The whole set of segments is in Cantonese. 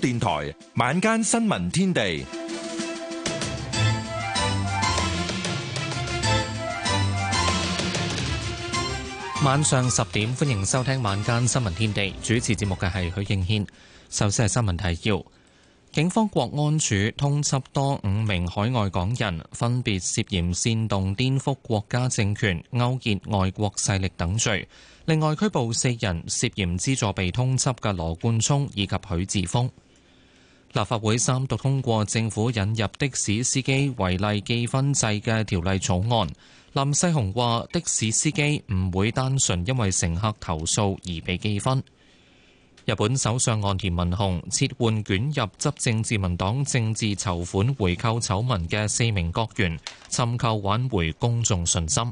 電台晚間新聞天地，晚上十點歡迎收聽晚間新聞天地。主持節目嘅係許敬軒。首先係新聞提要：警方國安處通緝多五名海外港人，分別涉嫌煽動顛覆國家政權、勾結外國勢力等罪。另外拘捕四人涉嫌資助被通緝嘅羅冠聰以及許智峰。立法會三讀通過政府引入的士司機違例記分制嘅條例草案。林世雄話：的士司機唔會單純因為乘客投訴而被記分。日本首相岸田文雄撤換捲入執政自民黨政治籌款回扣醜聞嘅四名閣員，尋求挽回公眾信心。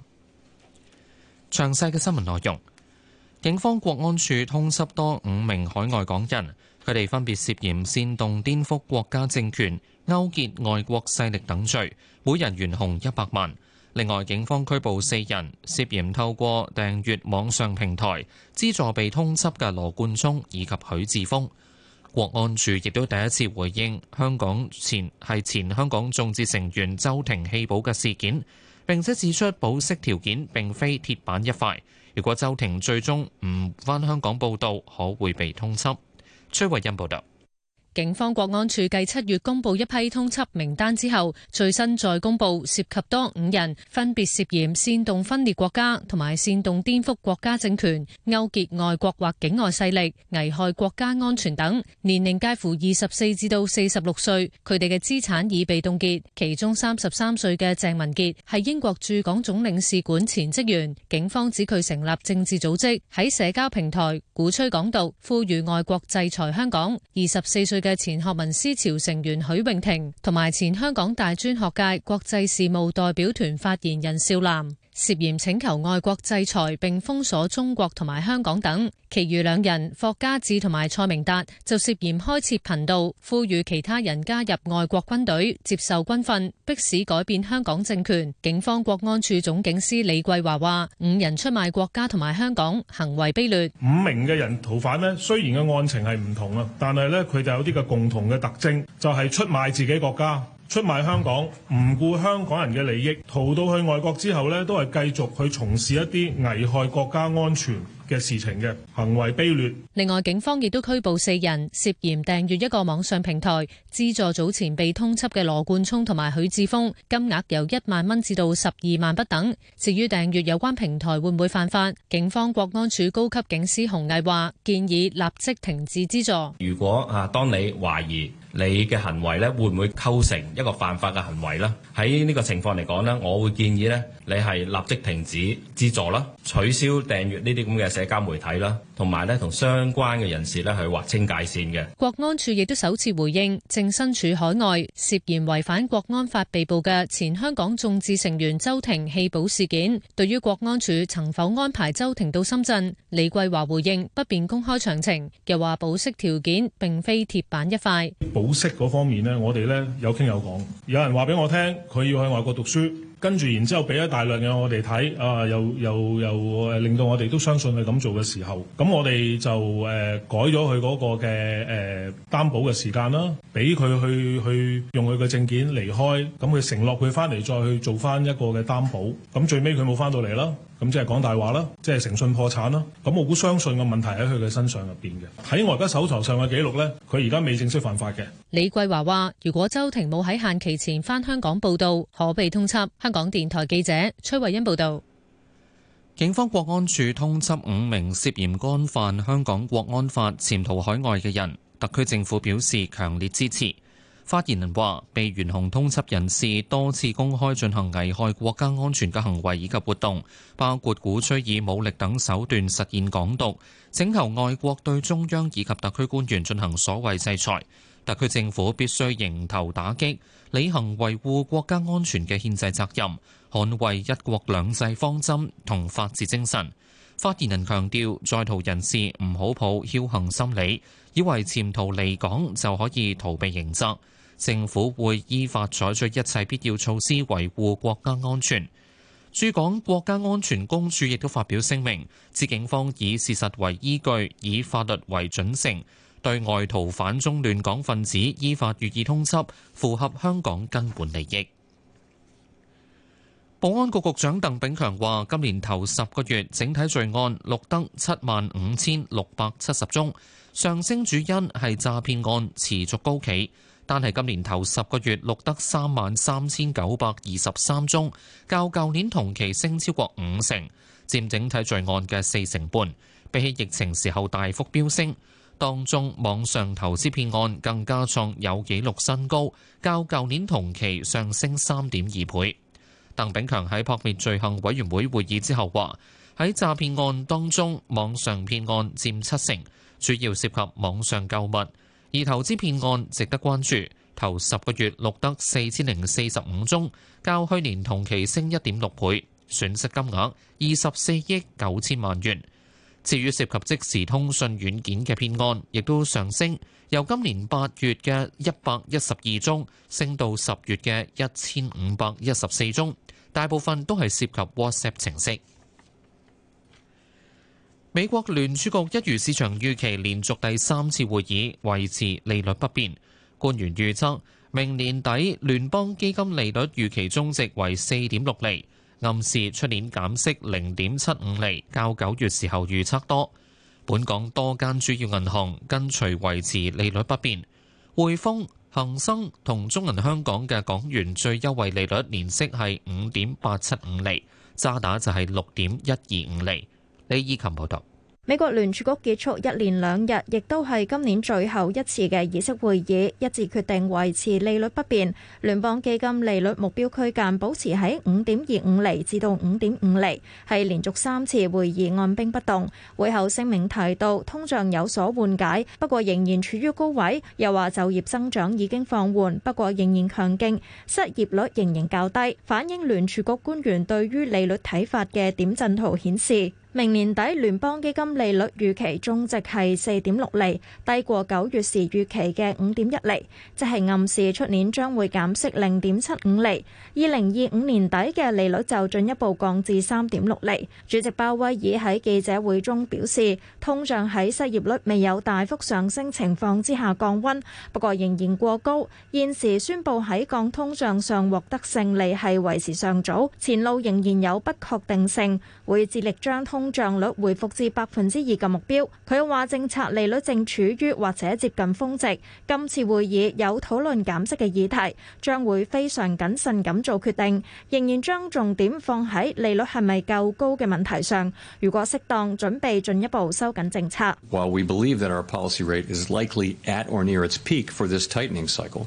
詳細嘅新聞內容，警方國安處通緝多五名海外港人。佢哋分別涉嫌煽動顛覆國家政權、勾結外國勢力等罪，每人懸紅一百萬。另外，警方拘捕四人，涉嫌透過訂閱網上平台資助被通緝嘅羅冠聰以及許智峰。國安處亦都第一次回應香港前係前香港眾志成員周庭棄保嘅事件，並且指出保釋條件並非鐵板一塊，如果周庭最終唔返香港報道，可會被通緝。崔慧欣報道。警方國安處繼七月公布一批通緝名單之後，最新再公布涉及多五人，分別涉嫌煽動分裂國家同埋煽動顛覆國家政權、勾結外國或境外勢力、危害國家安全等，年齡介乎二十四至到四十六歲。佢哋嘅資產已被凍結，其中三十三歲嘅鄭文傑係英國駐港總領事館前職員。警方指佢成立政治組織，喺社交平台鼓吹港獨，呼籲外國制裁香港。二十四歲。嘅前學民思潮成員許穎婷，同埋前香港大專學界國際事務代表團發言人邵嵐。涉嫌請求外國制裁並封鎖中國同埋香港等，其餘兩人霍家志同埋蔡明達就涉嫌開設頻道，呼籲其他人加入外國軍隊，接受軍訓，迫使改變香港政權。警方國安處總警司李桂華話：五人出賣國家同埋香港，行為卑劣。五名嘅人逃犯呢，雖然嘅案情係唔同啊，但係呢，佢就有啲個共同嘅特徵，就係、是、出賣自己國家。出賣香港，唔顧香港人嘅利益，逃到去外國之後呢，都係繼續去從事一啲危害國家安全嘅事情嘅行為卑劣。另外，警方亦都拘捕四人，涉嫌訂閲一個網上平台，資助早前被通緝嘅羅冠聰同埋許智峰，金額由一萬蚊至到十二萬不等。至於訂閲有關平台會唔會犯法，警方國安處高級警司洪毅話，建議立即停止資助。如果啊，當你懷疑，你嘅行為咧，會唔會構成一個犯法嘅行為咧？喺呢個情況嚟講咧，我會建議咧，你係立即停止資助，取消訂閱呢啲咁嘅社交媒體。同埋咧，同相關嘅人士呢，係劃清界線嘅。國安處亦都首次回應，正身處海外涉嫌違反國安法被捕嘅前香港眾志成員周庭棄保事件，對於國安處曾否安排周庭到深圳，李桂華回應不便公開詳情，又話保釋條件並非鐵板一塊。保釋嗰方面呢，我哋呢有傾有講，有人話俾我聽，佢要喺外國讀書。跟住，然之後俾咗大量嘅我哋睇，啊，又又又令到我哋都相信佢咁做嘅時候，咁我哋就誒、呃、改咗佢嗰個嘅誒擔保嘅時間啦，俾佢去去用佢嘅證件離開，咁佢承諾佢翻嚟再去做翻一個嘅擔保，咁最尾佢冇翻到嚟啦。咁即係講大話啦，即係誠信破產啦。咁我估相信個問題喺佢嘅身上入邊嘅。喺我而家手頭上嘅記錄咧，佢而家未正式犯法嘅。李桂華話，如果周庭冇喺限期前翻香港報道，可被通緝。香港電台記者崔慧欣報道，警方國安處通緝五名涉嫌干犯香港國安法潛逃海外嘅人，特區政府表示強烈支持。發言人話：被懸紅通緝人士多次公開進行危害國家安全嘅行為以及活動，包括鼓吹以武力等手段實現港獨，請求外國對中央以及特區官員進行所謂制裁。特區政府必須迎頭打擊，履行維護國家安全嘅憲制責任，捍衛一國兩制方針同法治精神。發言人強調，在逃人士唔好抱僥倖心理，以為潛逃離港就可以逃避刑責，政府會依法採取一切必要措施，維護國家安全。駐港國家安全公署亦都發表聲明，指警方以事實為依據，以法律為準繩，對外逃反中亂港分子依法予以通緝，符合香港根本利益。保安局局長鄧炳強話，今年頭十個月，整體罪案錄得七萬五千六百七十宗。上升主因係詐騙案持續高企，但係今年頭十個月錄得三萬三千九百二十三宗，較舊年同期升超過五成，佔整體罪案嘅四成半。比起疫情時候大幅飆升，當中網上投資騙案更加創有紀錄新高，較舊年同期上升三點二倍。鄧炳強喺撲滅罪行委員會會議之後話，喺詐騙案當中，網上騙案佔七成。主要涉及網上購物，而投資騙案值得關注。頭十個月錄得四千零四十五宗，較去年同期升一點六倍，損失金額二十四億九千萬元。至於涉及即時通訊軟件嘅騙案，亦都上升，由今年八月嘅一百一十二宗升到十月嘅一千五百一十四宗，大部分都係涉及 WhatsApp 程式。美國聯儲局一如市場預期，連續第三次會議維持利率不變。官員預測，明年底聯邦基金利率預期中值為4.6厘，暗示出年減息0.75厘，較九月時候預測多。本港多間主要銀行跟隨維持利率不變。匯豐、恒生同中銀香港嘅港元最優惠利率年息係5.875厘，渣打就係6.125厘。李意琴報道，美國聯儲局結束一連兩日，亦都係今年最後一次嘅議息會議，一致決定維持利率不變，聯邦基金利率目標區間保持喺五點二五厘至到五點五厘，係連續三次會議按兵不動。會後聲明提到，通脹有所緩解，不過仍然處於高位；又話就業增長已經放緩，不過仍然強勁，失業率仍然較低。反映聯儲局官員對於利率睇法嘅點陣圖顯示。明年底聯邦基金利率預期中值係四點六厘，低過九月時預期嘅五點一厘，即係暗示出年將會減息零點七五厘。二零二五年底嘅利率就進一步降至三點六厘。主席鮑威爾喺記者會中表示，通脹喺失業率未有大幅上升情況之下降溫，不過仍然過高。現時宣布喺降通脹上獲得勝利係為時尚早，前路仍然有不確定性，會致力將通通脹率回復至百分之二嘅目標。佢又話，政策利率正處於或者接近峰值。今次會議有討論減息嘅議題，將會非常謹慎咁做決定。仍然將重點放喺利率係咪夠高嘅問題上。如果適當，準備進一步收緊政策。While we believe that our policy rate is likely at or near its peak for this tightening cycle.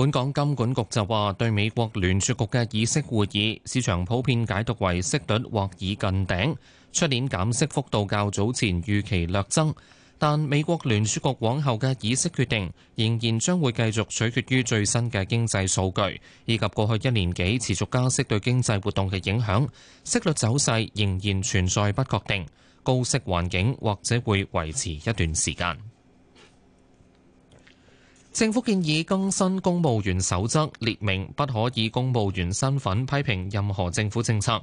本港金管局就話，對美國聯儲局嘅議息會議，市場普遍解讀為息率或已近頂，出年減息幅度較早前預期略增。但美國聯儲局往後嘅議息決定，仍然將會繼續取決於最新嘅經濟數據，以及過去一年幾持續加息對經濟活動嘅影響。息率走勢仍然存在不確定，高息環境或者會維持一段時間。政府建議更新公務員守則，列明不可以公務員身份批評任何政府政策。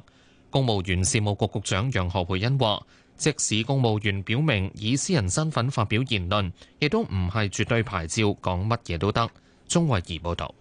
公務員事務局局長楊何蓓茵話，即使公務員表明以私人身份發表言論，亦都唔係絕對牌照，講乜嘢都得。鍾慧儀報道。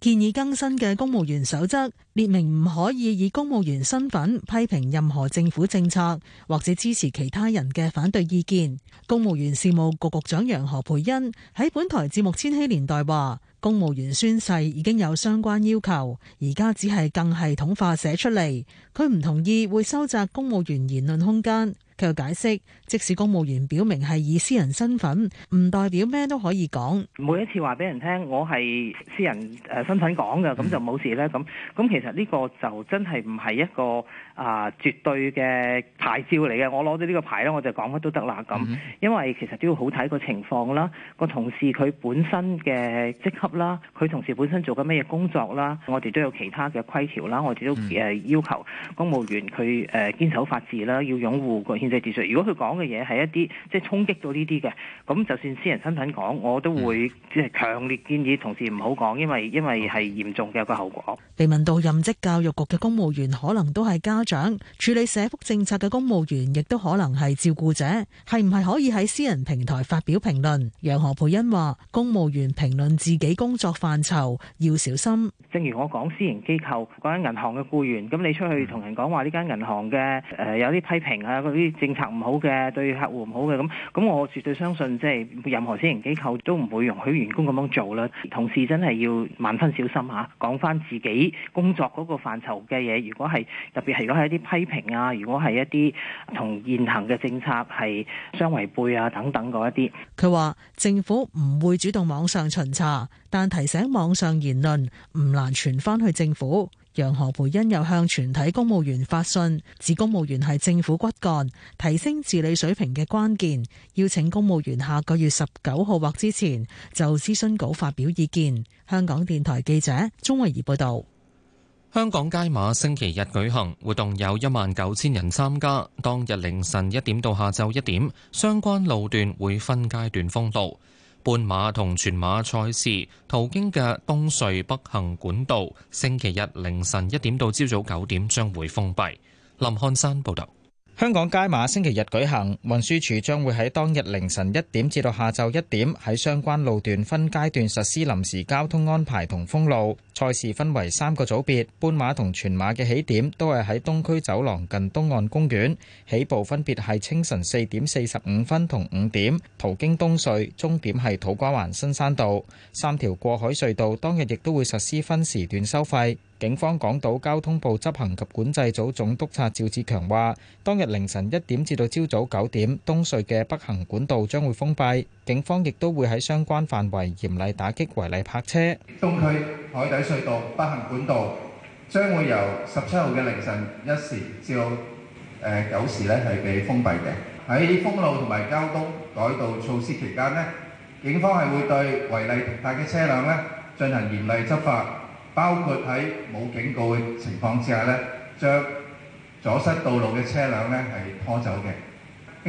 建議更新嘅公務員守則，列明唔可以以公務員身份批評任何政府政策，或者支持其他人嘅反對意見。公務員事務局局長楊何蓓茗喺本台節目《千禧年代》話，公務員宣誓已經有相關要求，而家只係更系統化寫出嚟。佢唔同意會收窄公務員言論空間。佢又解釋，即使公務員表明係以私人身份，唔代表咩都可以講。每一次話俾人聽，我係私人誒身份講嘅，咁就冇事咧。咁咁其實呢個就真係唔係一個啊絕對嘅牌照嚟嘅。我攞咗呢個牌咧，我就講乜都得啦。咁因為其實都要好睇個情況啦，個同事佢本身嘅職級啦，佢同事本身做緊咩嘢工作啦，我哋都有其他嘅規條啦，我哋都誒要求公務員佢誒堅守法治啦，要擁護個。即係指出，如果佢講嘅嘢係一啲即係衝擊到呢啲嘅，咁就算私人身份講，我都會即係強烈建議同事唔好講，因為因為係嚴重嘅一個後果。被問到任職教育局嘅公務員可能都係家長處理社福政策嘅公務員，亦都可能係照顧者，係唔係可以喺私人平台發表評論？楊何蓓茵話：公務員評論自己工作範疇要小心。正如我講，私營機構嗰間銀行嘅僱員，咁你出去同人講話呢間銀行嘅誒有啲批評啊嗰啲。政策唔好嘅，對客戶唔好嘅，咁咁我絕對相信，即係任何私營機構都唔會容許員工咁樣做啦。同事真係要萬分小心吓，講翻自己工作嗰個範疇嘅嘢。如果係特別係如果係一啲批評啊，如果係一啲同現行嘅政策係相違背啊等等嗰一啲，佢話政府唔會主動網上巡查，但提醒網上言論唔難傳翻去政府。楊何培恩又向全體公務員發信，指公務員係政府骨幹，提升治理水平嘅關鍵，邀請公務員下個月十九號或之前就諮詢稿發表意見。香港電台記者鍾慧儀報道。香港街馬星期日舉行，活動有一萬九千人參加。當日凌晨一點到下晝一點，相關路段會分階段封道。半馬同全馬賽事途經嘅東隧北行管道，星期日凌晨一點到朝早九點將會封閉。林漢山報道。香港街馬星期日舉行，運輸署將會喺當日凌晨一點至到下晝一點喺相關路段分階段實施臨時交通安排同封路。賽事分為三個組別，半馬同全馬嘅起點都係喺東區走廊近東岸公園，起步分別係清晨四點四十五分同五點，途經東隧，終點係土瓜灣新山道。三條過海隧道當日亦都會實施分時段收費。警方港島交通部執行及管制組總督察趙志強話，當日凌晨包括喺冇警告嘅情況之下咧，將阻塞道路嘅車輛咧係拖走嘅。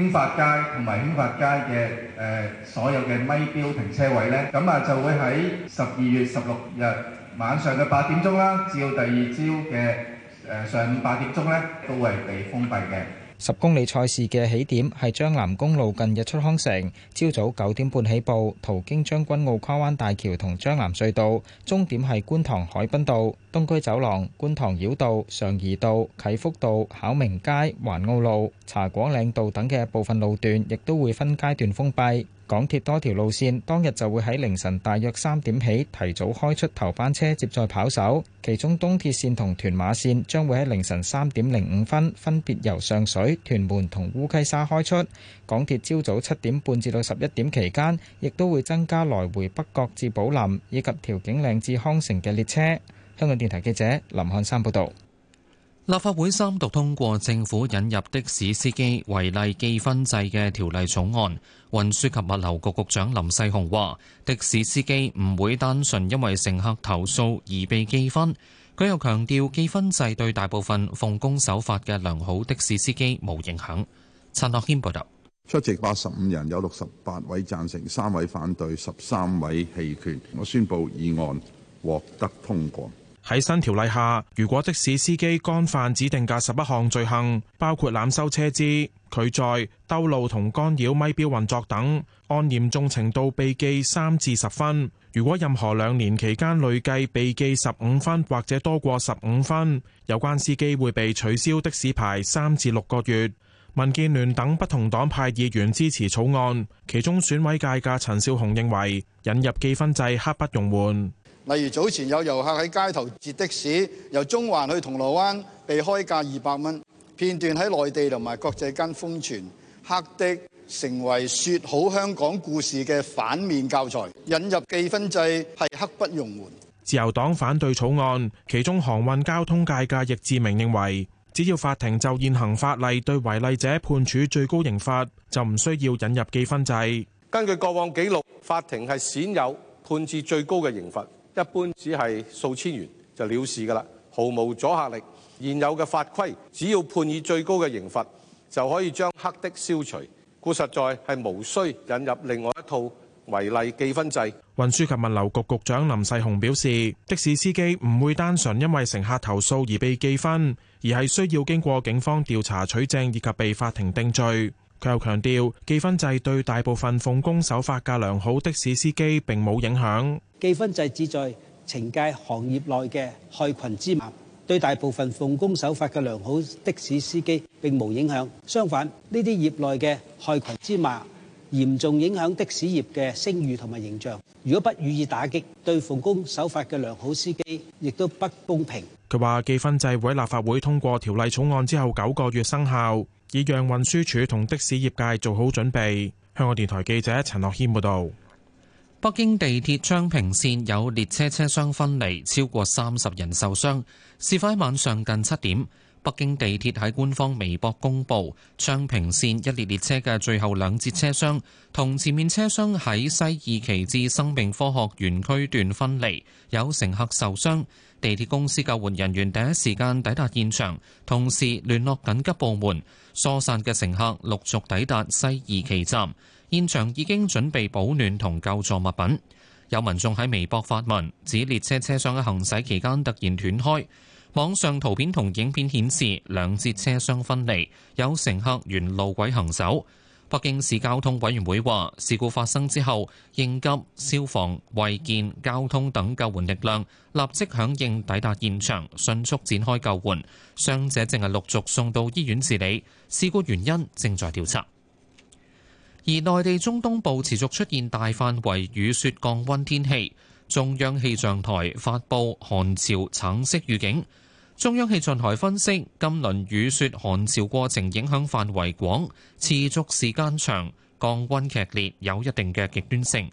興發街同埋興發街嘅誒所有嘅咪錶停車位咧，咁啊就會喺十二月十六日晚上嘅八點鐘啦，至到第二朝嘅誒上午八點鐘咧，都係被封閉嘅。十公里賽事嘅起點係將藍公路近日出康城，朝早九點半起步，途經將軍澳跨灣大橋同將藍隧道，終點係觀塘海濱道、東區走廊、觀塘繞道、常怡道、啟福道、考明街、環澳路、茶果嶺道等嘅部分路段，亦都會分階段封閉。港鐵多條路線當日就會喺凌晨大約三點起提早開出頭班車接載跑手，其中東鐵線同屯馬線將會喺凌晨三點零五分分別由上水、屯門同烏溪沙開出。港鐵朝早七點半至到十一點期間，亦都會增加來回北角至寶林以及調景嶺至康城嘅列車。香港電台記者林漢山報導。立法會三讀通過政府引入的士司機違例記分制嘅條例草案。運輸及物流局局長林世雄話：的士司機唔會單純因為乘客投訴而被記分。佢又強調，記分制對大部分奉公守法嘅良好的士司機冇影響。陳樂謙報道。出席八十五人，有六十八位贊成，三位反對，十三位棄權。我宣佈議案獲得通過。喺新條例下，如果的士司機干犯指定嘅十一項罪行，包括濫收車資、拒載、兜路同干擾咪表運作等，按嚴重程度被記三至十分。如果任何兩年期間累計被記十五分或者多過十五分，有關司機會被取消的士牌三至六個月。民建聯等不同黨派議員支持草案，其中選委界嘅陳紹雄認為引入記分制刻不容緩。例如早前有遊客喺街頭截的士由中環去銅鑼灣，被開價二百蚊片段喺內地同埋國際間瘋傳，黑的成為説好香港故事嘅反面教材。引入記分制係刻不容緩。自由黨反對草案，其中航運交通界嘅易志明認為，只要法庭就現行法例對違例者判處最高刑罰，就唔需要引入記分制。根據過往記錄，法庭係鮮有判至最高嘅刑罰。一般只係數千元就了事噶啦，毫無阻吓力。現有嘅法規，只要判以最高嘅刑罰就可以將黑的消除，故實在係無需引入另外一套違例記分制。運輸及物流局局長林世雄表示，的士司機唔會單純因為乘客投訴而被記分，而係需要經過警方調查取證以及被法庭定罪。佢又強調，記分制對大部分奉公守法嘅良好的士司機並冇影響。記分制旨在懲戒行業內嘅害羣之馬，對大部分奉公守法嘅良好的士司機並冇影響。相反，呢啲業內嘅害羣之馬嚴重影響的士業嘅聲譽同埋形象。如果不予以打擊，對奉公守法嘅良好司機亦都不公平。佢話，記分制會立法會通過條例草案之後九個月生效。以讓運輸署同的士業界做好準備。香港電台記者陳樂謙報道。北京地鐵昌平綫有列車車廂分離，超過三十人受傷。事發喺晚上近七點，北京地鐵喺官方微博公布，昌平綫一列列車嘅最後兩節車廂同前面車廂喺西二旗至生命科學園區段分離，有乘客受傷。地鐵公司救援人員第一時間抵達現場，同時聯絡緊急部門。疏散嘅乘客陸續抵達西二旗站，現場已經準備保暖同救助物品。有民眾喺微博發文指列車車廂喺行駛期間突然斷開，網上圖片同影片顯示兩節車廂分離，有乘客沿路軌行走。北京市交通委員會話，事故發生之後，應急、消防、衞健、交通等救援力量立即響應抵達現場，迅速展開救援，傷者正係陸續送到醫院治理。事故原因正在調查。而內地中東部持續出現大範圍雨雪降溫天氣，中央氣象台發布寒潮橙色預警。中央氣象台分析，今輪雨雪寒潮過程影響範圍廣，持續時間長，降温劇烈，有一定嘅極端性。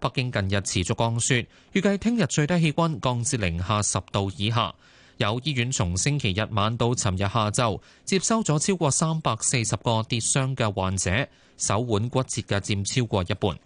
北京近日持續降雪，預計聽日最低氣温降至零下十度以下。有醫院從星期日晚到尋日下晝接收咗超過三百四十個跌傷嘅患者，手腕骨折嘅佔超過一半。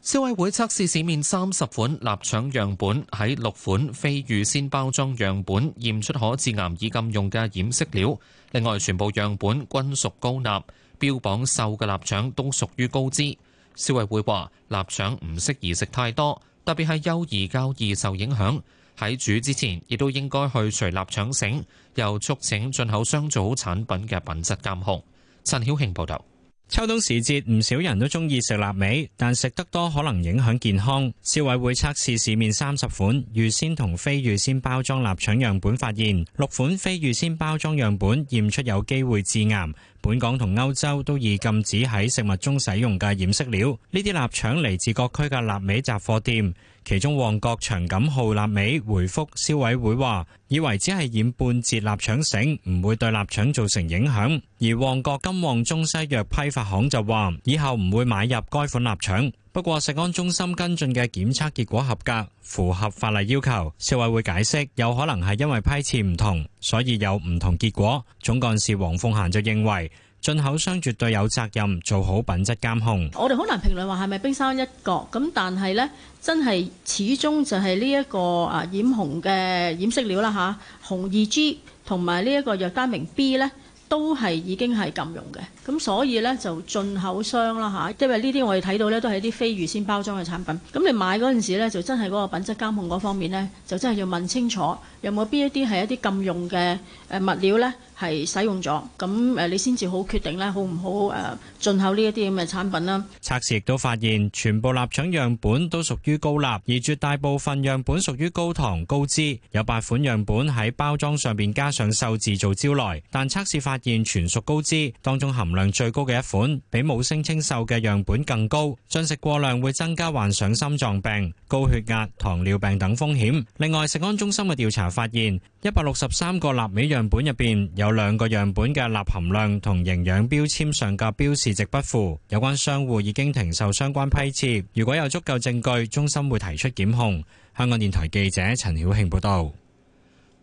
消委會，會測試市面三十款臘腸樣本，喺六款非預先包裝樣本驗出可致癌、已禁用嘅染色料。另外，全部樣本均屬高鈉，標榜瘦嘅臘腸都屬於高脂。消委會話：臘腸唔適宜食太多，特別係幼兒較易受影響。喺煮之前，亦都應該去除臘腸繩。又促請進口商做好產品嘅品質監控。陳曉慶報道。秋冬時節，唔少人都中意食臘味，但食得多可能影響健康。消委會測試市面三十款預先同非預先包裝臘腸樣本，發現六款非預先包裝樣本驗出有機會致癌、本港同歐洲都已禁止喺食物中使用嘅染色料，呢啲臘腸嚟自各區嘅臘味雜貨店。其中，旺角長錦號臘味回覆消委會話，以為只係染半截臘腸繩，唔會對臘腸造成影響。而旺角金旺中西藥批發行就話，以後唔會買入該款臘腸。不過，食安中心跟進嘅檢測結果合格，符合法例要求。消委會解釋，有可能係因為批次唔同，所以有唔同結果。總幹事黃鳳嫻就認為。進口商絕對有責任做好品質監控。我哋好難評論話係咪冰山一角，咁但係呢真係始終就係呢一個啊染紅嘅染色料啦吓，紅二 G 同埋呢一個羅丹明 B 呢都係已經係禁用嘅。咁所以呢就進口商啦吓，因為呢啲我哋睇到呢都係一啲非預先包裝嘅產品。咁你買嗰陣時咧就真係嗰個品質監控嗰方面呢，就真係要問清楚有冇邊一啲係一啲禁用嘅誒物料呢，係使用咗，咁誒你先至好決定咧，好唔好誒進口呢一啲咁嘅產品啦？測試亦都發現，全部臘腸樣本都屬於高鈉，而絕大部分樣本屬於高糖高脂。有八款樣本喺包裝上邊加上瘦字做招來，但測試發現全屬高脂，當中含量最高嘅一款比冇聲稱瘦嘅樣本更高。進食過量會增加患上心臟病、高血壓、糖尿病等風險。另外，食安中心嘅調查發現，一百六十三個臘味樣本入邊，有兩個樣本嘅鈉含量同營養標籤上嘅標示值不符。有關商戶已經停售相關批次。如果有足夠證據，中心會提出檢控。香港電台記者陳曉慶報道。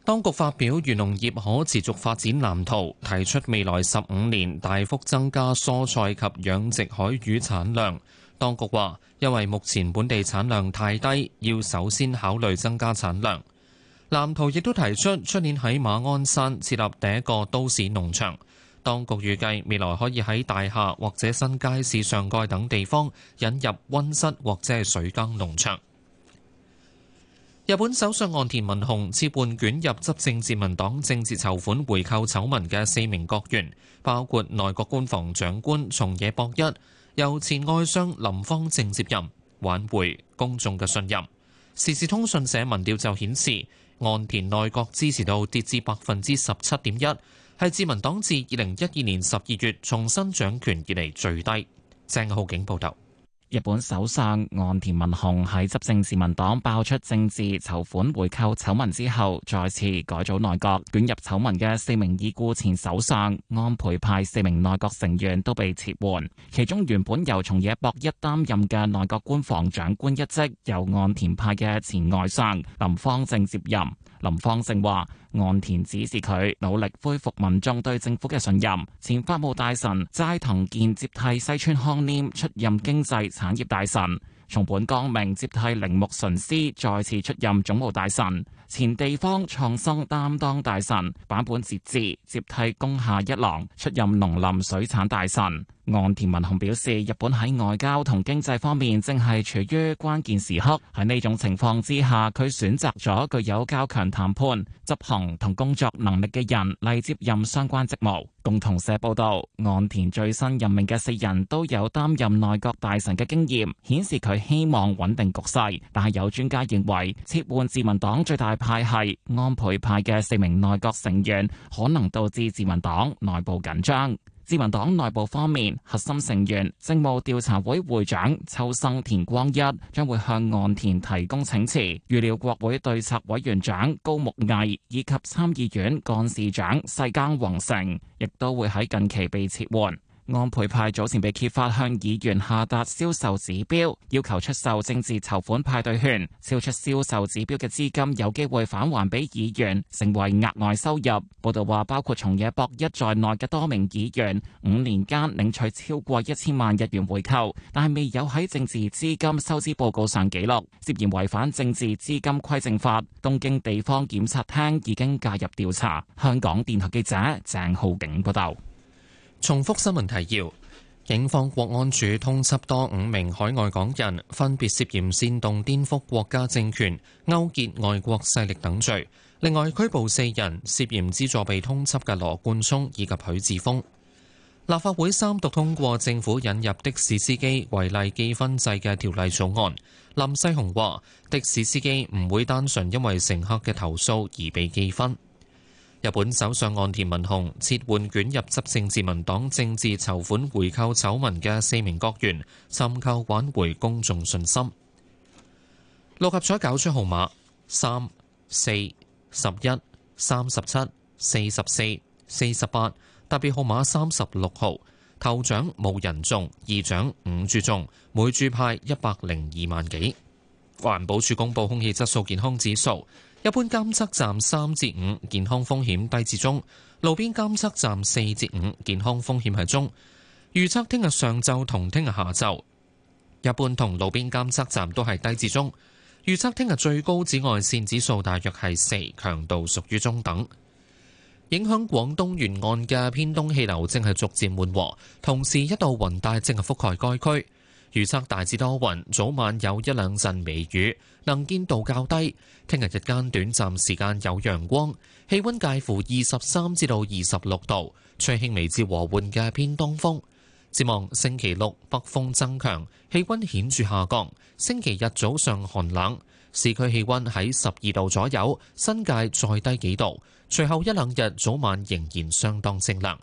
當局發表漁農業可持續發展藍圖，提出未來十五年大幅增加蔬菜及養殖海魚產量。當局話，因為目前本地產量太低，要首先考慮增加產量。藍圖亦都提出，出年喺馬鞍山設立第一個都市農場。當局預計未來可以喺大廈或者新街市上蓋等地方引入溫室或者係水耕農場。日本首相岸田文雄撤換捲入執政自民黨政治籌款回扣醜聞嘅四名國員，包括內閣官房長官松野博一，由前外相林芳正接任，挽回公眾嘅信任。時事通訊社民調就顯示，岸田內閣支持度跌至百分之十七點一，係自民黨自二零一二年十二月重新掌權以嚟最低。鄭浩景報道。日本首相岸田文雄喺執政自民黨爆出政治籌款回扣醜聞之後，再次改組內閣。捲入醜聞嘅四名已故前首相安倍派四名內閣成員都被撤換，其中原本由松野博一擔任嘅內閣官房長官一職，由岸田派嘅前外相林芳正接任。林芳正話：岸田指示佢努力恢復民眾對政府嘅信任。前法務大臣齋藤健接替西村康念出任經濟。產業大臣從本江明接替鈴木純司，再次出任總務大臣。前地方創生擔當大臣版本截志接替攻下一郎出任農林水產大臣。岸田文雄表示，日本喺外交同經濟方面正係處於關鍵時刻。喺呢種情況之下，佢選擇咗具有較強談判、執行同工作能力嘅人嚟接任相關職務。共同社報道，岸田最新任命嘅四人都有擔任內閣大臣嘅經驗，顯示佢希望穩定局勢，但係有專家認為撤換自民黨最大。派系安倍派嘅四名內閣成員可能導致自民黨內部緊張。自民黨內部方面，核心成員政務調查會會長萩生田光一將會向岸田提供請辭。預料國會對策委員長高木毅以及參議院幹事長世耕弘成亦都會喺近期被撤換。安倍派早前被揭發向議員下達銷售指標，要求出售政治籌款派對券，超出銷售指標嘅資金有機會返還俾議員，成為額外收入。報道話，包括松野博一在內嘅多名議員，五年間領取超過一千萬日元回扣，但係未有喺政治資金收支報告上記錄，涉嫌違反政治資金規正法。東京地方檢察廳已經介入調查。香港電台記者鄭浩景報道。重複新聞提要：警方國安處通緝多五名海外港人，分別涉嫌煽動顛覆國家政權、勾結外國勢力等罪。另外拘捕四人，涉嫌資助被通緝嘅羅冠聰以及許智峰。立法會三讀通過政府引入的士司機違例記分制嘅條例草案。林世雄話：的士司機唔會單純因為乘客嘅投訴而被記分。日本首相岸田文雄撤換捲入執政自民黨政治籌款回扣醜聞嘅四名閣員，尋求挽回公眾信心。六合彩攪珠號碼三、四、十一、三十七、四十四、四十八，特別號碼三十六號。頭獎冇人中，二獎五注中，每注派一百零二萬幾。環保署公布空氣質素健康指數。一般監測站三至五，健康風險低至中；路邊監測站四至五，健康風險係中。預測聽日上晝同聽日下晝，一般同路邊監測站都係低至中。預測聽日最高紫外線指數大約係四，強度屬於中等。影響廣東沿岸嘅偏東氣流正係逐漸緩和，同時一度雲帶正係覆蓋該區。預測大致多雲，早晚有一兩陣微雨，能見度較低。聽日日間短暫時間有陽光，氣溫介乎二十三至到二十六度，吹輕微至和緩嘅偏東風。展望星期六北風增強，氣溫顯著下降。星期日早上寒冷，市區氣溫喺十二度左右，新界再低幾度。隨後一兩日早晚仍然相當清涼。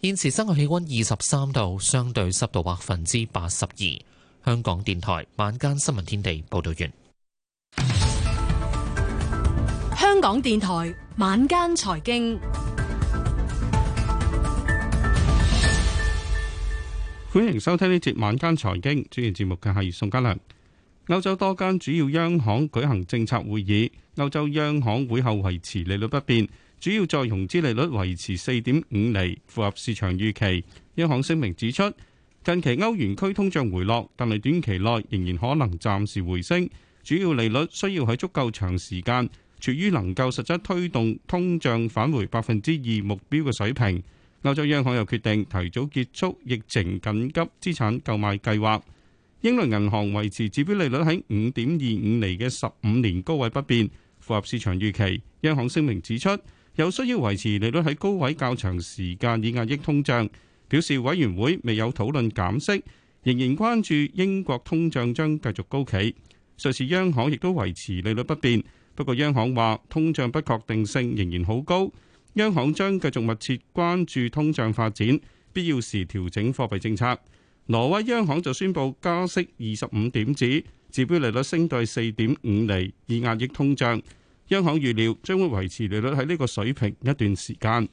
現時室外氣溫二十三度，相對濕度百分之八十二。香港電台晚間新聞天地報道完。香港電台晚間財經，歡迎收聽呢節晚間財經。主持節目嘅係宋家良。歐洲多間主要央行舉行政策會議，歐洲央行會後維持利率不變。主要再融資利率維持4.5釐，符合市場預期。央行聲明指出，近期歐元區通脹回落，但係短期內仍然可能暫時回升。主要利率需要喺足夠長時間，處於能夠實質推動通脹返回百分之二目標嘅水平。歐洲央行又決定提早結束疫情緊急資產購買計劃。英倫銀行維持指標利率喺5.25釐嘅十五年高位不變，符合市場預期。央行聲明指出，有需要維持利率喺高位較長時間以壓抑通脹，表示委員會未有討論減息，仍然關注英國通脹將繼續高企。瑞士央行亦都維持利率不變，不過央行話通脹不確定性仍然好高，央行將繼續密切關注通脹發展，必要時調整貨幣政策。挪威央行就宣布加息二十五點子，指標利率升到四點五釐以壓抑通脹。央行預料將會維持利率喺呢個水平一段時間。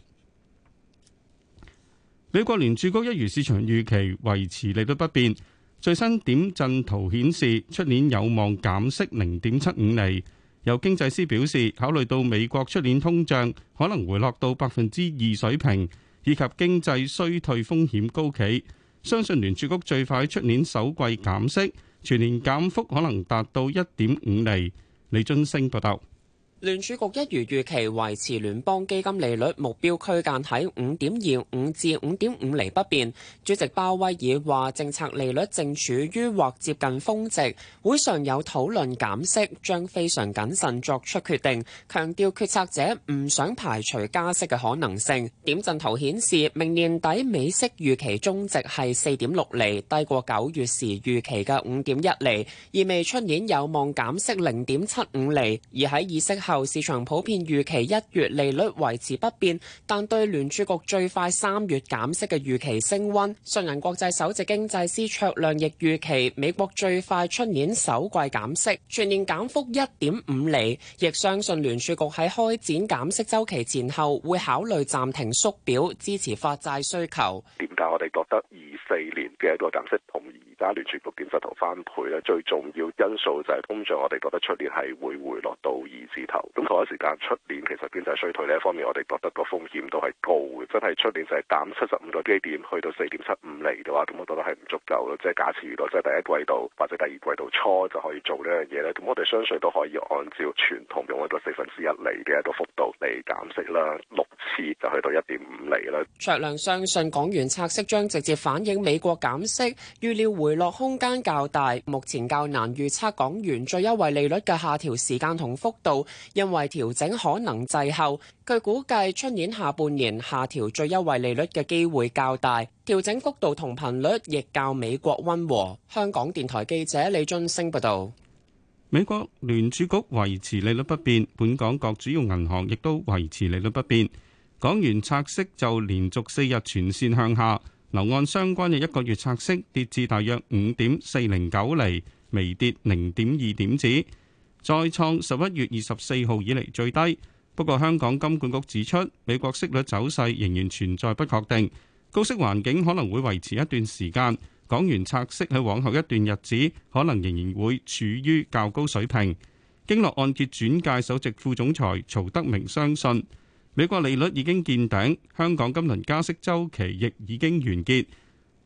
美國聯儲局一如市場預期，維持利率不變。最新點陣圖顯示，出年有望減息零點七五厘。有經濟師表示，考慮到美國出年通脹可能回落到百分之二水平，以及經濟衰退風險高企，相信聯儲局最快出年首季減息，全年減幅可能達到一點五厘。李俊升報道。聯儲局一如預期維持聯邦基金利率目標區間喺五點二五至五點五厘不變。主席鮑威爾話：政策利率正處於或接近峰值。會上有討論減息，將非常謹慎作出決定。強調決策者唔想排除加息嘅可能性。點陣圖顯示明年底美息預期中值係四點六厘，低過九月時預期嘅五點一厘，意味出年有望減息零點七五厘。而喺意息。後市場普遍預期一月利率維持不變，但對聯儲局最快三月減息嘅預期升温。信銀國際首席經濟師卓亮亦預期美國最快出年首季減息，全年減幅一點五厘，亦相信聯儲局喺開展減息週期前後會考慮暫停縮表，支持發債需求。點解我哋覺得二四年嘅一個減息同意。加聯全部點七頭翻倍咧，最重要因素就係通脹，我哋覺得出年係會回落到二字頭。咁同一時間，出年其實經濟衰退呢一方面，我哋覺得個風險都係高嘅，真係出年就係減七十五個基點去到四點七五厘嘅話，咁我覺得係唔足夠咯。即係假設如果喺第一季度或者第二季度初就可以做呢樣嘢咧，咁我哋相信都可以按照傳統用嗰個四分之一厘嘅一個幅度嚟減息啦，六次就去到一點五厘啦。卓亮相信港元拆息將直接反映美國減息，預料會落空間較大，目前較難預測港元最優惠利率嘅下調時間同幅度，因為調整可能滯後。據估計，出年下半年下調最優惠利率嘅機會較大，調整幅度同頻率亦較美國溫和。香港電台記者李津星報道，美國聯儲局維持利率不變，本港各主要銀行亦都維持利率不變，港元拆息就連續四日全線向下。樓按相關嘅一個月拆息跌至大約五點四零九厘，微跌零點二點子，再創十一月二十四號以嚟最低。不過，香港金管局指出，美國息率走勢仍然存在不確定，高息環境可能會維持一段時間。港元拆息喺往後一段日子可能仍然會處於較高水平。經絡按揭轉介首席副總裁曹德明相信。美國利率已經見頂，香港今輪加息周期亦已經完結，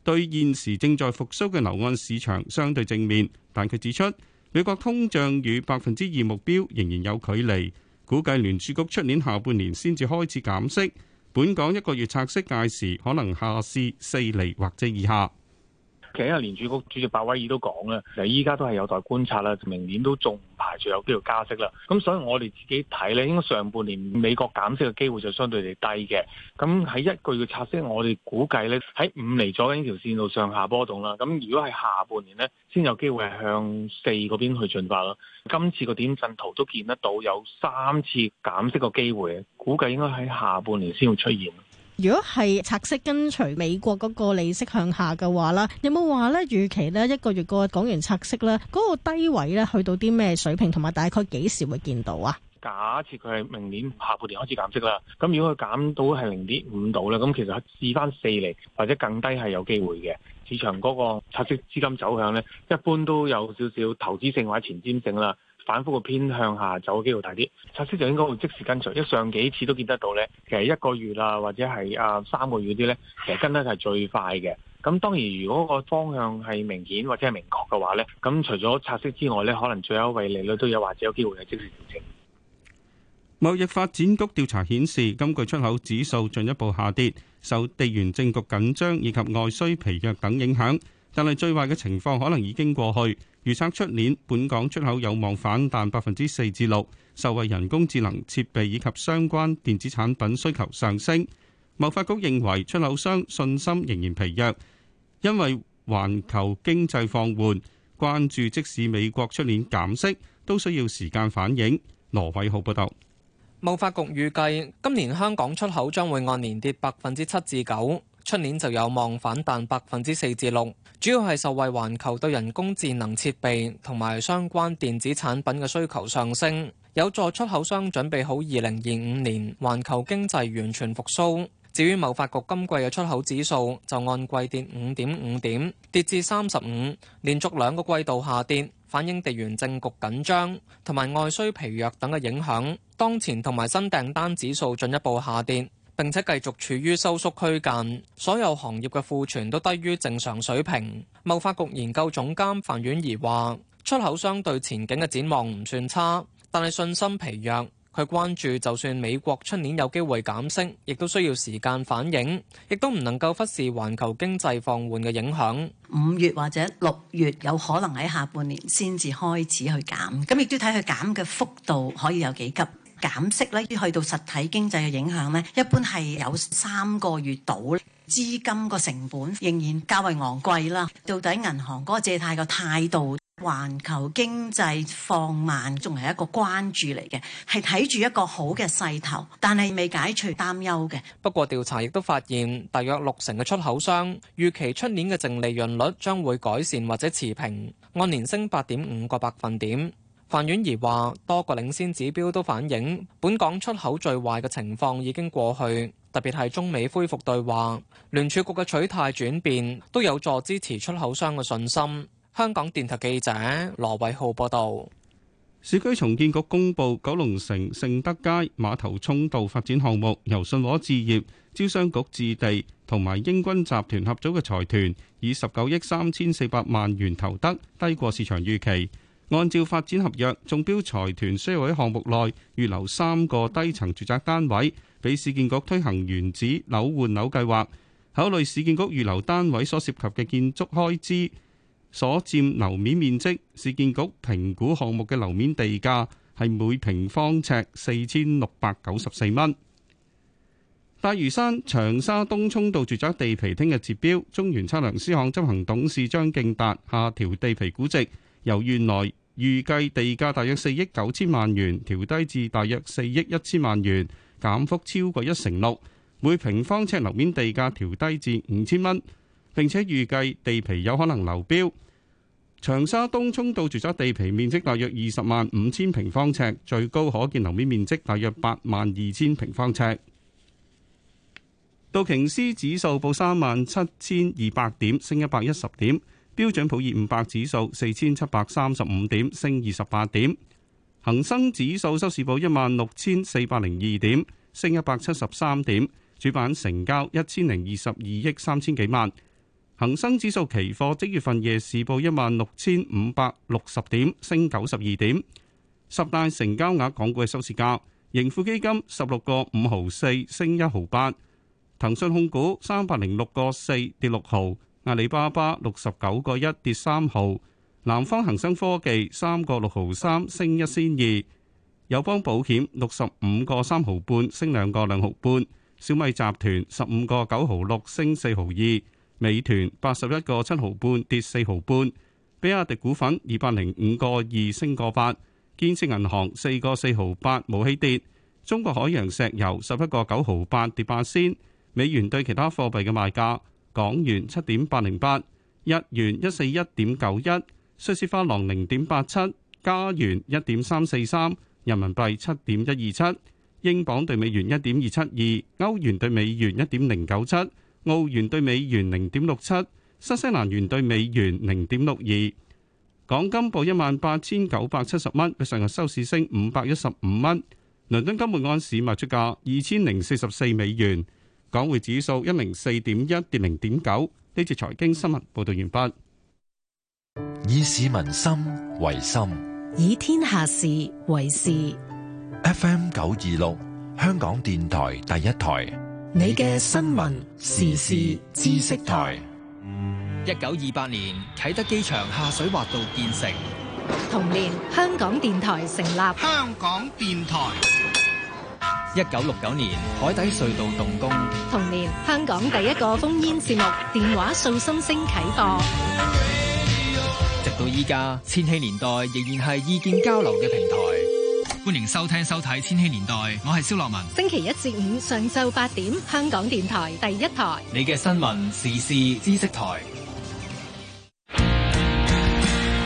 對現時正在復甦嘅樓按市場相對正面。但佢指出，美國通脹與百分之二目標仍然有距離，估計聯儲局出年下半年先至開始減息，本港一個月拆息屆時可能下試四厘或者以下。其實聯儲局主席鮑威爾都講啦，其實依家都係有待觀察啦，明年都仲唔排除有機會加息啦。咁所以我哋自己睇咧，應該上半年美國減息嘅機會就相對嚟低嘅。咁喺一個月嘅拆息，我哋估計咧喺五厘左右呢條線路上下波動啦。咁如果係下半年咧，先有機會係向四嗰邊去進發啦。今次個點陣圖都見得到有三次減息嘅機會，估計應該喺下半年先會出現。如果係拆息跟隨美國嗰個利息向下嘅話啦，有冇話呢預期呢一個月個港元拆息呢嗰個低位呢，去到啲咩水平，同埋大概幾時會見到啊？假設佢係明年下半年開始減息啦，咁如果佢減到係零點五度啦，咁其實試返四厘，或者更低係有機會嘅。市場嗰個拆息資金走向呢，一般都有少少投資性或者前瞻性啦。反覆嘅偏向下走嘅機會大啲，拆息就應該會即時跟隨。一上幾次都見得到咧，其實一個月啊，或者係啊三個月啲咧，其實跟得係最快嘅。咁當然，如果個方向係明顯或者係明確嘅話咧，咁除咗拆息之外咧，可能最優惠利率都有或者有機會係即時調整。貿易發展局調查顯示，今季出口指數進一步下跌，受地緣政局緊張以及外需疲弱等影響。但係最壞嘅情況可能已經過去。預測出年本港出口有望反彈百分之四至六，受惠人工智能設備以及相關電子產品需求上升。貿發局認為出口商信心仍然疲弱，因為環球經濟放緩，關注即使美國出年減息都需要時間反應。羅偉浩報道。貿發局預計今年香港出口將會按年跌百分之七至九。出年就有望反彈百分之四至六，6，主要係受惠環球對人工智能設備同埋相關電子產品嘅需求上升，有助出口商準備好二零二五年環球經濟完全復甦。至於貿發局今季嘅出口指數就按季跌五點五點跌至三十五，連續兩個季度下跌，反映地緣政局緊張同埋外需疲弱等嘅影響，當前同埋新訂單指數進一步下跌。並且繼續處於收縮區間，所有行業嘅庫存都低於正常水平。貿發局研究總監范婉儀話：出口商對前景嘅展望唔算差，但係信心疲弱。佢關注就算美國出年有機會減息，亦都需要時間反應，亦都唔能夠忽視環球經濟放緩嘅影響。五月或者六月有可能喺下半年先至開始去減，咁亦都睇佢減嘅幅度可以有幾急。減息咧，去到實體經濟嘅影響咧，一般係有三個月到，資金個成本仍然較為昂貴啦。到底銀行嗰個借貸個態度，環球經濟放慢，仲係一個關注嚟嘅，係睇住一個好嘅勢頭，但係未解除擔憂嘅。不過調查亦都發現，大約六成嘅出口商預期出年嘅淨利潤率將會改善或者持平，按年升八點五個百分點。范婉儀話多個領先指標都反映本港出口最壞嘅情況已經過去，特別係中美恢復對話，聯儲局嘅取態轉變都有助支持出口商嘅信心。香港電台記者羅偉浩報道。市區重建局公佈，九龍城盛德街馬頭涌道發展項目由信和置業、招商局置地、同埋英軍集團合組嘅財團以十九億三千四百萬元投得，低過市場預期。按照發展合約，中標財團需要喺項目內預留三個低層住宅單位，俾市建局推行原址樓換樓計劃。考慮市建局預留單位所涉及嘅建築開支、所佔樓面面積，市建局評估項目嘅樓面地價係每平方尺四千六百九十四蚊。大嶼山長沙東涌道住宅地皮聽日截標，中原測量師行執行董事張敬達下調地皮估值。由原來預計地價大約四億九千萬元，調低至大約四億一千萬元，減幅超過一成六。每平方尺樓面地價調低至五千蚊，並且預計地皮有可能流標。長沙東涌道住宅地皮面積大約二十萬五千平方尺，最高可建樓面面積大約八萬二千平方尺。道瓊斯指數報三萬七千二百點，升一百一十點。標準普爾五百指數四千七百三十五點升二十八點，恒生指數收市報一萬六千四百零二點，升一百七十三點，主板成交一千零二十二億三千幾萬。恒生指數期貨即月份夜市報一萬六千五百六十點，升九十二點。十大成交額港股嘅收市價，盈富基金十六個五毫四升一毫八，騰訊控股三百零六個四跌六毫。阿里巴巴六十九個一跌三毫，南方恒生科技三個六毫三升一仙二，友邦保險六十五個三毫半升兩個兩毫半，小米集團十五個九毫六升四毫二，美團八十一個七毫半跌四毫半，比亞迪股份二百零五個二升個八，建設銀行四個四毫八冇起跌，中國海洋石油十一個九毫八跌八仙，美元對其他貨幣嘅賣價。港元七點八零八，日元一四一點九一，瑞士法郎零點八七，加元一點三四三，人民幣七點一二七，英鎊對美元一點二七二，歐元對美元一點零九七，澳元對美元零點六七，新西蘭元對美元零點六二。港金報一萬八千九百七十蚊，比上日收市升五百一十五蚊。倫敦金每盎司賣出價二千零四十四美元。港匯指數一零四點一跌零點九，呢次財經新聞報道完畢。以市民心為心，以天下事為事。F M 九二六，香港電台第一台，你嘅新聞時事知識台。一九二八年啟德機場下水滑道建成，同年香港電台成立。香港電台。一九六九年海底隧道動工，同年香港第一個烽煙節目《電話訴心聲》啟播，直到依家千禧年代仍然係意見交流嘅平台。歡迎收聽收睇千禧年代，我係蕭樂文。星期一至五上晝八點，香港電台第一台，你嘅新聞時事知識台。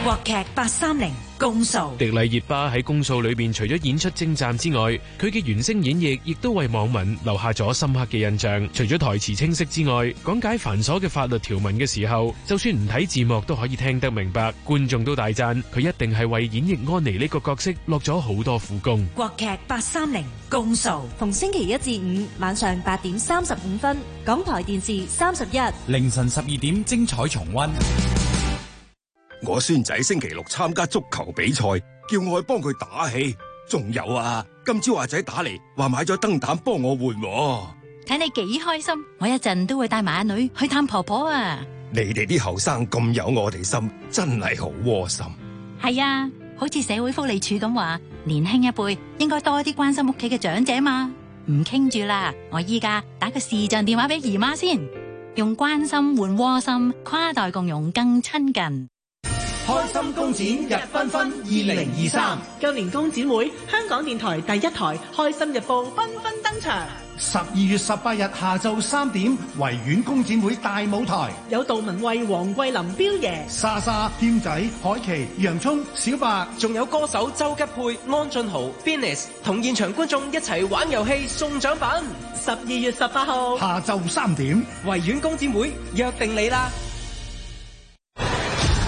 國劇八三零公訴，迪麗熱巴喺公訴裏邊除咗演出精湛之外，佢嘅原聲演繹亦都為網民留下咗深刻嘅印象。除咗台詞清晰之外，講解繁瑣嘅法律條文嘅時候，就算唔睇字幕都可以聽得明白，觀眾都大讚佢一定係為演繹安妮呢個角色落咗好多苦功。國劇八三零公訴，逢星期一至五晚上八點三十五分，港台電視三十一，凌晨十二點精彩重溫。我孫仔星期六參加足球比賽，叫我去幫佢打氣。仲有啊，今朝阿仔打嚟話買咗燈膽幫我換喎。睇你幾開心，我一陣都會帶埋阿女去探婆婆啊。你哋啲後生咁有我哋心，真係好窩心。係啊，好似社會福利署咁話，年輕一輩應該多啲關心屋企嘅長者嘛。唔傾住啦，我依家打個視像電話俾姨媽先，用關心換窩心，跨代共融更親近。開心公展日繽紛二零二三，舊年公展會香港電台第一台開心日報繽紛登場。十二月十八日下晝三點，維園公展會大舞台有杜文慧、黃桂林、彪爺、莎莎、謙仔、海琪、洋葱、小白，仲有歌手周吉佩、安俊豪、Bennis 同現場觀眾一齊玩遊戲送獎品。十二月十八號下晝三點，維園公展會約定你啦。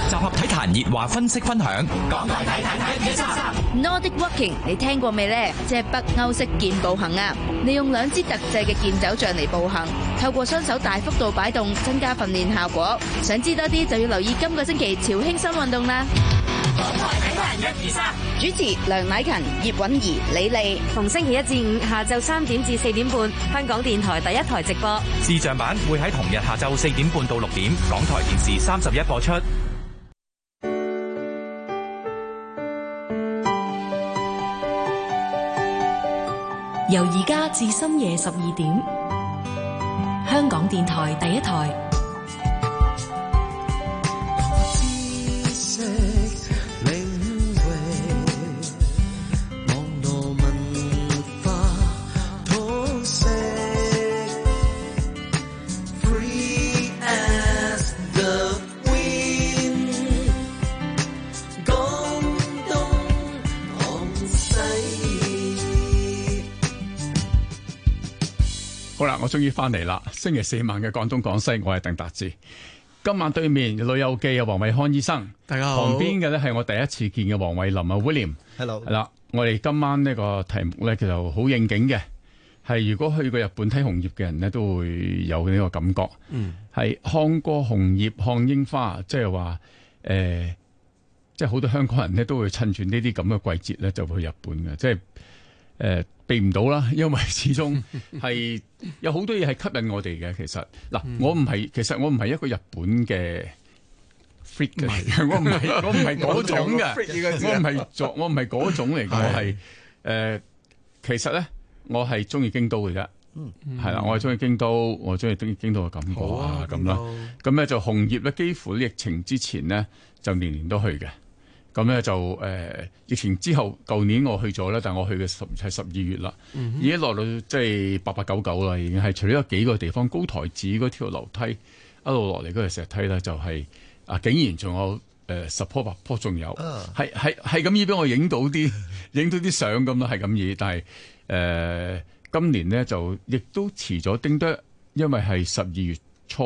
集合體壇熱話，分析分享。港台體壇一二三。Nordic Walking 你聽過未呢？即係北歐式健步行啊！利用兩支特製嘅健走杖嚟步行，透過雙手大幅度擺動，增加訓練效果。想知多啲就要留意今個星期潮興新運動啦！港台體壇一二三，主持梁乃勤、葉允儀、李麗，逢星期一至五下晝三點至四點半，香港電台第一台直播。視像版會喺同日下晝四點半到六點，港台電視三十一播出。由而家至深夜十二點，香港電台第一台。我終於翻嚟啦！星期四晚嘅廣東廣西，我係鄧達志。今晚對面老友記嘅黃偉康醫生，大家好。旁邊嘅咧係我第一次見嘅黃偉林啊，William，Hello。係啦，我哋今晚呢個題目咧其實好應景嘅，係如果去過日本睇紅葉嘅人咧，都會有呢個感覺。嗯。係看過紅葉看櫻花，即係話誒，即係好多香港人咧都會趁住呢啲咁嘅季節咧就會去日本嘅，即係誒。呃避唔到啦，因為始終係有好多嘢係吸引我哋嘅。其實嗱，我唔係，其實我唔係一個日本嘅 freak 嘅，我唔係，的我唔係嗰種嘅。我唔係我唔係嗰種嚟。我係誒，其實咧，我係中意京都嘅啫。係啦，嗯，我係中意京都，我中意京京都嘅感覺啊，咁啦，啊。咁咧的就紅葉咧，幾乎疫情之前咧就年年都去嘅。咁咧就誒疫情之後，舊年我去咗咧，但係我去嘅十係十二月啦、嗯哼，已經落到即係八八九九啦，已經係除咗幾個地方，高台寺嗰條樓梯一路落嚟嗰條石梯咧，就係、是、啊竟然仲有誒十樖八樖仲有，係係係咁易俾我影到啲影 到啲相咁咯，係咁易。但係誒、呃、今年咧就亦都遲咗叮得，因為係十二月。